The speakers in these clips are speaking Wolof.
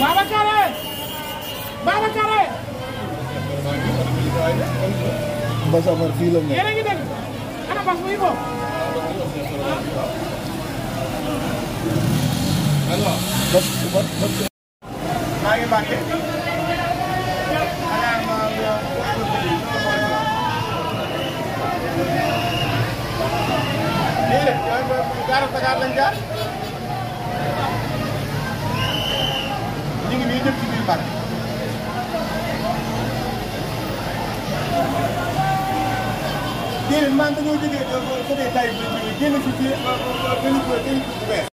Babacar Babacar Bass Amar fii la yéen a ngi dégg ana Bass muy ko maa ngi Mbacke ren maa ngi dañoo jógee côté Taïba génn fii ci benn benn bu bees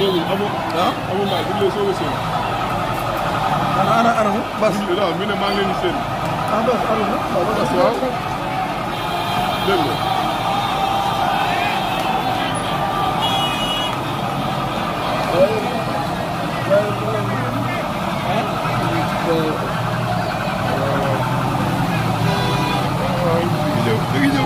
déedéet amul. ah amul maay bu ñu lay soog a séen. ana ana anamu bas. waaw mi ne maa ngi leen di séen. ah bas anamu waaw ah, bas waaw. dégg nga. dëgg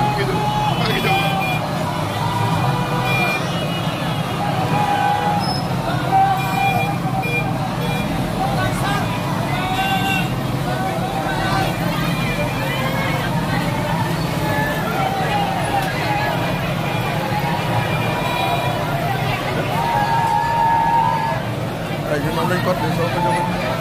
nañ ko